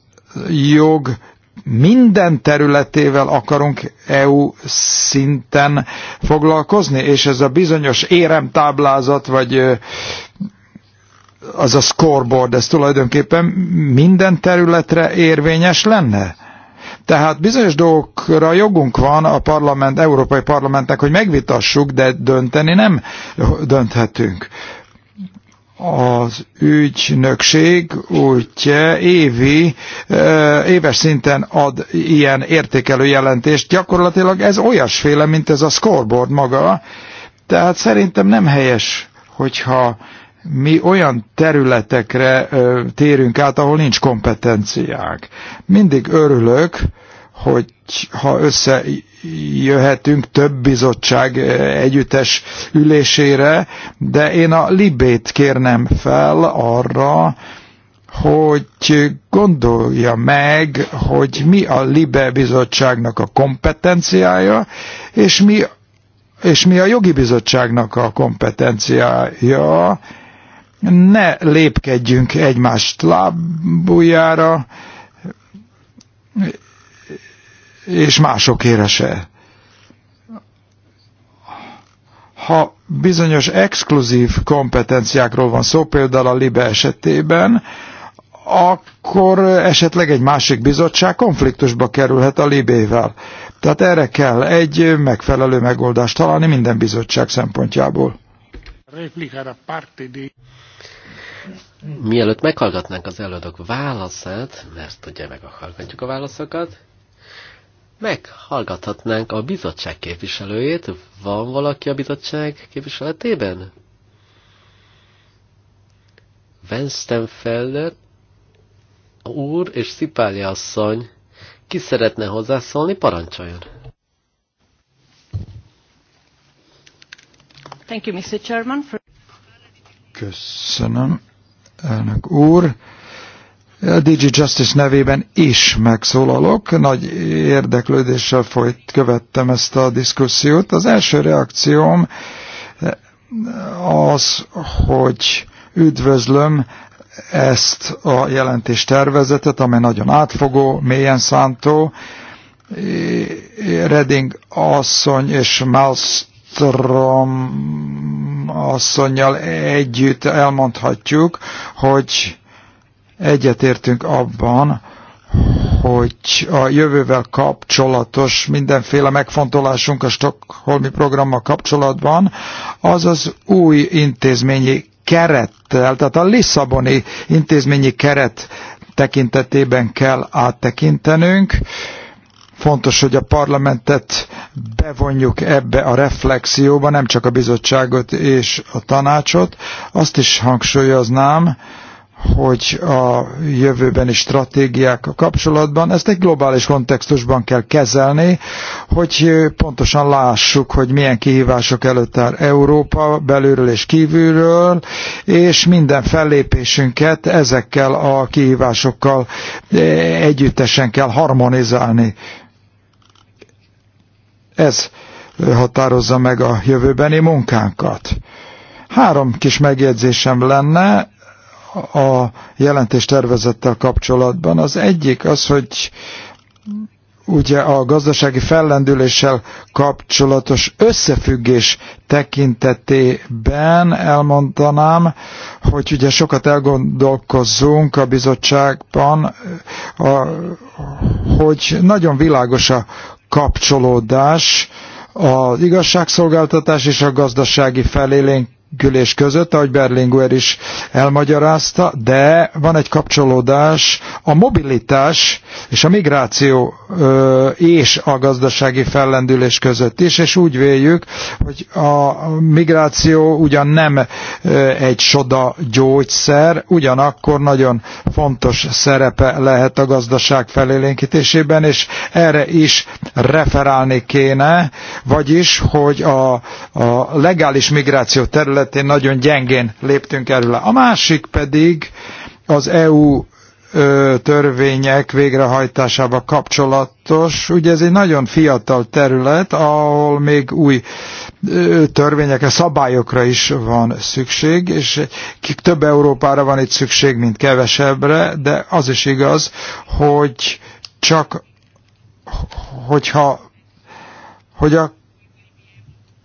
jog minden területével akarunk EU szinten foglalkozni, és ez a bizonyos éremtáblázat, vagy az a scoreboard, ez tulajdonképpen minden területre érvényes lenne? Tehát bizonyos dolgokra jogunk van a parlament, Európai Parlamentnek, hogy megvitassuk, de dönteni nem dönthetünk. Az ügynökség útja évi, éves szinten ad ilyen értékelő jelentést. Gyakorlatilag ez olyasféle, mint ez a scoreboard maga. Tehát szerintem nem helyes, hogyha mi olyan területekre ö, térünk át, ahol nincs kompetenciák. Mindig örülök, hogy ha összejöhetünk több bizottság együttes ülésére, de én a libét kérnem fel arra, hogy gondolja meg, hogy mi a Libe bizottságnak a kompetenciája, és mi, és mi a jogi bizottságnak a kompetenciája, ne lépkedjünk egymást lábújára, és mások érese. Ha bizonyos exkluzív kompetenciákról van szó, például a LIBE esetében, akkor esetleg egy másik bizottság konfliktusba kerülhet a libével. Tehát erre kell egy megfelelő megoldást találni minden bizottság szempontjából. Mielőtt meghallgatnánk az előadók válaszát, mert ugye hallgatjuk a válaszokat, meghallgathatnánk a bizottság képviselőjét. Van valaki a bizottság képviseletében? Wenstenfelder úr és Szipáli asszony. Ki szeretne hozzászólni? Parancsoljon! Thank you, Mr. Chairman. For... Köszönöm, elnök úr. A DG Justice nevében is megszólalok. Nagy érdeklődéssel folyt, követtem ezt a diszkusziót. Az első reakcióm az, hogy üdvözlöm ezt a jelentés tervezetet, amely nagyon átfogó, mélyen szántó. Reding asszony és Mouse Malmström asszonyjal együtt elmondhatjuk, hogy egyetértünk abban, hogy a jövővel kapcsolatos mindenféle megfontolásunk a Stockholmi programmal kapcsolatban, az az új intézményi kerettel, tehát a Lisszaboni intézményi keret tekintetében kell áttekintenünk, Fontos, hogy a parlamentet bevonjuk ebbe a reflexióba, nem csak a bizottságot és a tanácsot. Azt is hangsúlyoznám, hogy a jövőbeni stratégiák a kapcsolatban. Ezt egy globális kontextusban kell kezelni, hogy pontosan lássuk, hogy milyen kihívások előtt áll Európa belülről és kívülről, és minden fellépésünket ezekkel a kihívásokkal együttesen kell harmonizálni. Ez határozza meg a jövőbeni munkánkat. Három kis megjegyzésem lenne a jelentés tervezettel kapcsolatban. Az egyik az, hogy ugye a gazdasági fellendüléssel kapcsolatos összefüggés tekintetében elmondanám, hogy ugye sokat elgondolkozzunk a bizottságban, a, hogy nagyon világos a kapcsolódás az igazságszolgáltatás és a gazdasági felélénk ülés között, ahogy Berlinguer is elmagyarázta, de van egy kapcsolódás a mobilitás és a migráció és a gazdasági fellendülés között is, és úgy véljük, hogy a migráció ugyan nem egy soda gyógyszer, ugyanakkor nagyon fontos szerepe lehet a gazdaság felélénkítésében, és erre is referálni kéne, vagyis, hogy a, a legális migráció terület területén nagyon gyengén léptünk erről. A másik pedig az EU törvények végrehajtásába kapcsolatos. Ugye ez egy nagyon fiatal terület, ahol még új törvényekre, szabályokra is van szükség, és több Európára van itt szükség, mint kevesebbre, de az is igaz, hogy csak hogyha hogy a,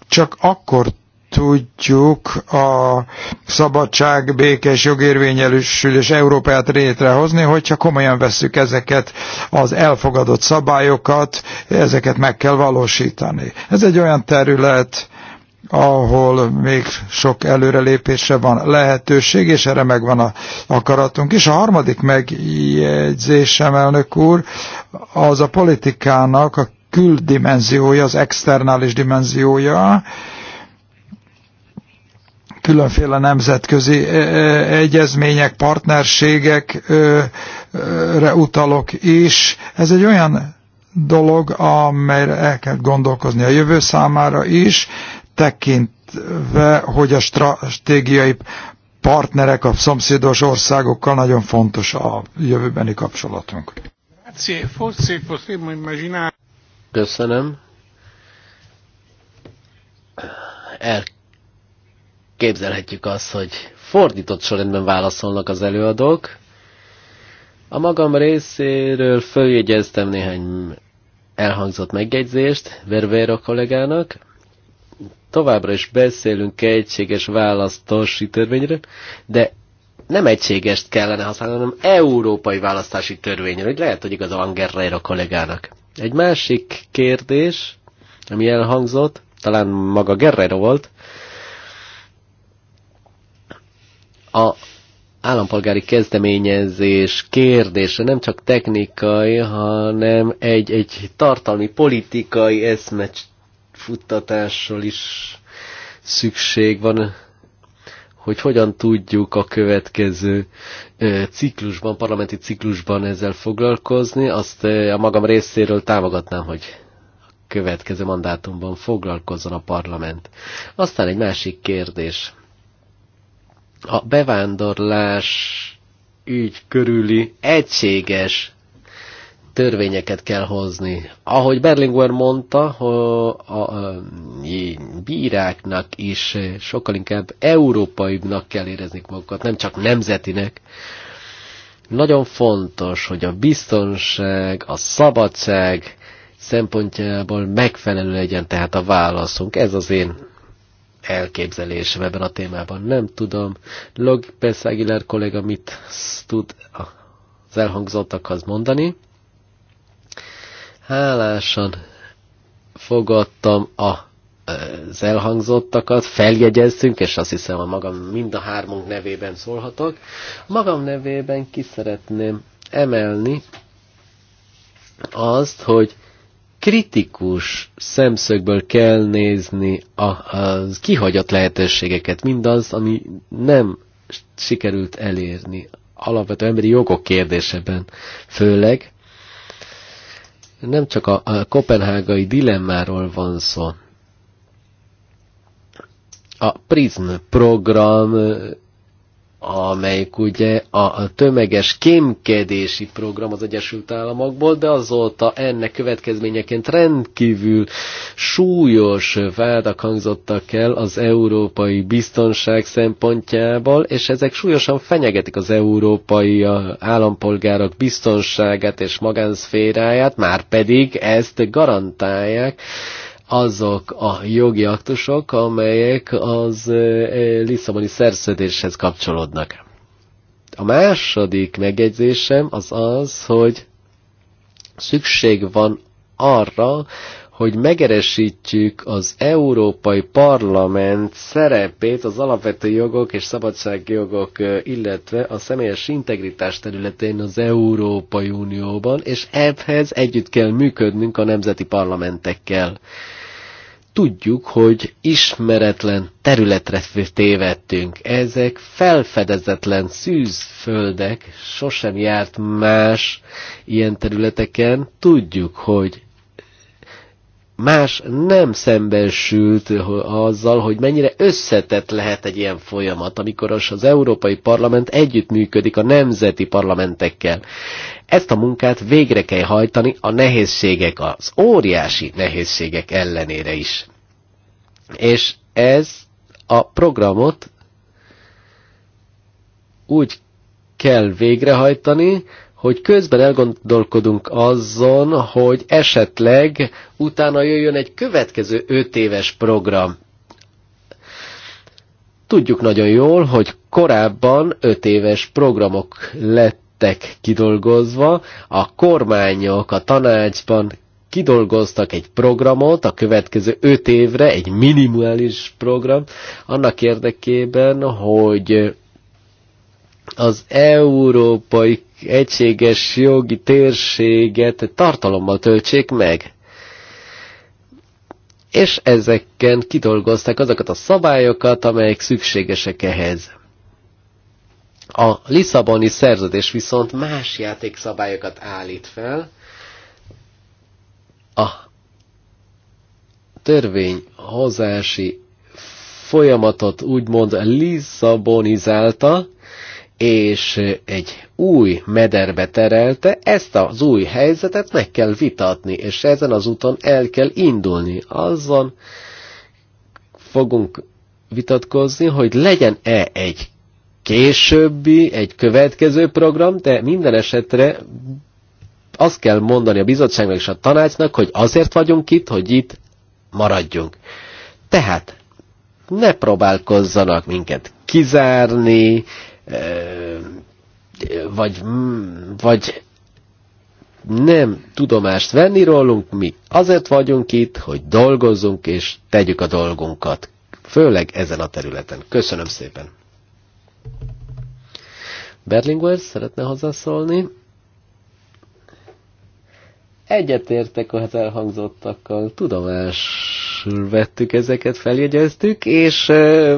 csak akkor tudjuk a szabadság, békés, jogérvényelősülés Európát rétrehozni, hogyha komolyan vesszük ezeket az elfogadott szabályokat, ezeket meg kell valósítani. Ez egy olyan terület, ahol még sok előrelépésre van lehetőség, és erre megvan a akaratunk És A harmadik megjegyzésem, elnök úr, az a politikának a küldimenziója, az externális dimenziója, különféle nemzetközi egyezmények, partnerségekre utalok is. Ez egy olyan dolog, amelyre el kell gondolkozni a jövő számára is, tekintve, hogy a stratégiai partnerek, a szomszédos országokkal nagyon fontos a jövőbeni kapcsolatunk. Köszönöm. El Képzelhetjük azt, hogy fordított sorrendben válaszolnak az előadók. A magam részéről följegyeztem néhány elhangzott megjegyzést Ververo kollégának. Továbbra is beszélünk egységes választási törvényről, de nem egységest kellene használni, hanem európai választási törvényről, hogy lehet, hogy igaz a Angerreira kollégának. Egy másik kérdés, ami elhangzott, talán maga Gerreira volt, a állampolgári kezdeményezés kérdése nem csak technikai, hanem egy, egy tartalmi politikai eszmecs futtatásról is szükség van, hogy hogyan tudjuk a következő ciklusban, parlamenti ciklusban ezzel foglalkozni, azt a magam részéről támogatnám, hogy a következő mandátumban foglalkozzon a parlament. Aztán egy másik kérdés a bevándorlás ügy körüli egységes törvényeket kell hozni. Ahogy Berlinguer mondta, a bíráknak is sokkal inkább európaibbnak kell érezni magukat, nem csak nemzetinek. Nagyon fontos, hogy a biztonság, a szabadság szempontjából megfelelő legyen tehát a válaszunk. Ez az én elképzelésem ebben a témában. Nem tudom, López Aguilar kolléga mit tud az elhangzottakhoz mondani. Hálásan fogadtam a az elhangzottakat, feljegyeztünk, és azt hiszem a magam mind a hármunk nevében szólhatok. Magam nevében ki szeretném emelni azt, hogy kritikus szemszögből kell nézni a, a kihagyott lehetőségeket, mindaz, ami nem sikerült elérni. Alapvető emberi jogok kérdéseben főleg. Nem csak a, a kopenhágai dilemmáról van szó. A PRISM program amelyik ugye a tömeges kémkedési program az Egyesült Államokból, de azóta ennek következményeként rendkívül súlyos vádak hangzottak el az európai biztonság szempontjából, és ezek súlyosan fenyegetik az európai állampolgárok biztonságát és magánszféráját, már pedig ezt garantálják azok a jogi aktusok, amelyek az Lisszaboni szerződéshez kapcsolódnak. A második megjegyzésem az az, hogy szükség van arra, hogy megeresítjük az Európai Parlament szerepét az alapvető jogok és szabadságjogok, illetve a személyes integritás területén az Európai Unióban, és ehhez együtt kell működnünk a nemzeti parlamentekkel tudjuk, hogy ismeretlen területre tévedtünk. Ezek felfedezetlen szűzföldek, sosem járt más ilyen területeken. Tudjuk, hogy más nem szembesült azzal, hogy mennyire összetett lehet egy ilyen folyamat, amikor az Európai Parlament együttműködik a nemzeti parlamentekkel. Ezt a munkát végre kell hajtani a nehézségek, az óriási nehézségek ellenére is. És ez a programot úgy kell végrehajtani, hogy közben elgondolkodunk azon, hogy esetleg utána jöjjön egy következő öt éves program. Tudjuk nagyon jól, hogy korábban öt éves programok lettek kidolgozva, a kormányok a tanácsban kidolgoztak egy programot a következő öt évre, egy minimális program, annak érdekében, hogy az európai egységes jogi térséget tartalommal töltsék meg. És ezeken kidolgozták azokat a szabályokat, amelyek szükségesek ehhez. A Lisszaboni szerződés viszont más játékszabályokat állít fel. A törvényhozási folyamatot úgymond Lisszabonizálta, és egy új mederbe terelte, ezt az új helyzetet meg kell vitatni, és ezen az úton el kell indulni. Azon fogunk vitatkozni, hogy legyen-e egy későbbi, egy következő program, de minden esetre azt kell mondani a bizottságnak és a tanácsnak, hogy azért vagyunk itt, hogy itt maradjunk. Tehát ne próbálkozzanak minket kizárni, vagy, vagy nem tudomást venni rólunk, mi azért vagyunk itt, hogy dolgozzunk és tegyük a dolgunkat, főleg ezen a területen. Köszönöm szépen! Berlinguer szeretne hozzászólni? Egyetértek az elhangzottakkal, tudomásul vettük ezeket, feljegyeztük, és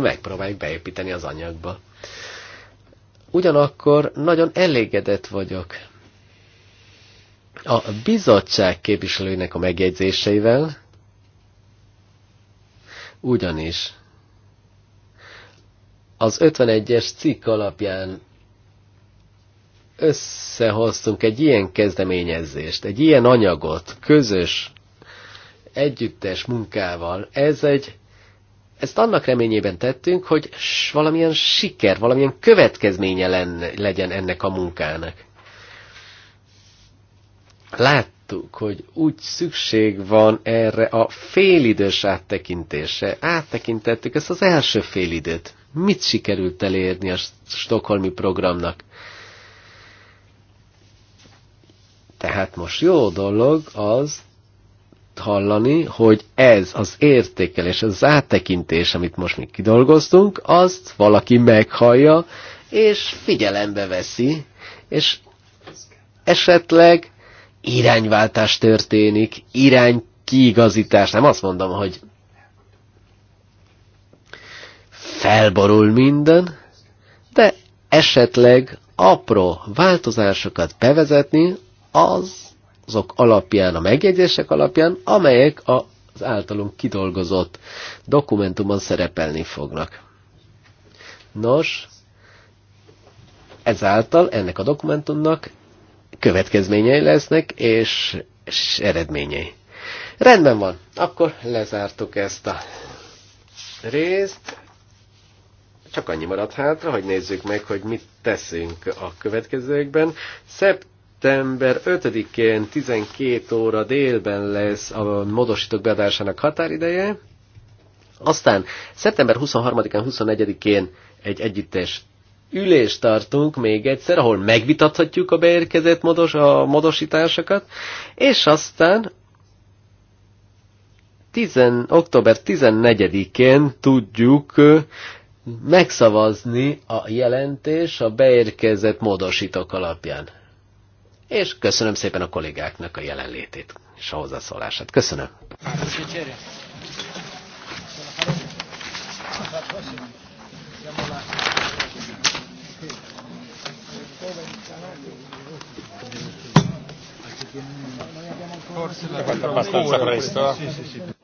megpróbáljuk beépíteni az anyagba ugyanakkor nagyon elégedett vagyok a bizottság képviselőinek a megjegyzéseivel, ugyanis az 51-es cikk alapján összehoztunk egy ilyen kezdeményezést, egy ilyen anyagot, közös, együttes munkával. Ez egy ezt annak reményében tettünk, hogy valamilyen siker, valamilyen következménye lenne, legyen ennek a munkának. Láttuk, hogy úgy szükség van erre a félidős áttekintése. Áttekintettük ezt az első félidőt. Mit sikerült elérni a stokholmi programnak? Tehát most jó dolog az, hallani, hogy ez az értékelés, az áttekintés, amit most mi kidolgoztunk, azt valaki meghallja, és figyelembe veszi, és esetleg irányváltás történik, iránykiigazítás, nem azt mondom, hogy felborul minden, de esetleg apró változásokat bevezetni, az azok alapján, a megjegyzések alapján, amelyek az általunk kidolgozott dokumentumon szerepelni fognak. Nos, ezáltal ennek a dokumentumnak következményei lesznek, és, és eredményei. Rendben van, akkor lezártuk ezt a részt. Csak annyi maradt hátra, hogy nézzük meg, hogy mit teszünk a következőkben. Szept szeptember 5-én 12 óra délben lesz a módosítók beadásának határideje. Aztán szeptember 23-án, 24-én egy együttes ülést tartunk még egyszer, ahol megvitathatjuk a beérkezett modos, a modosításokat, és aztán 10, október 14-én tudjuk megszavazni a jelentés a beérkezett módosítók alapján és köszönöm szépen a kollégáknak a jelenlétét és a hozzászólását. Köszönöm. Forse presto.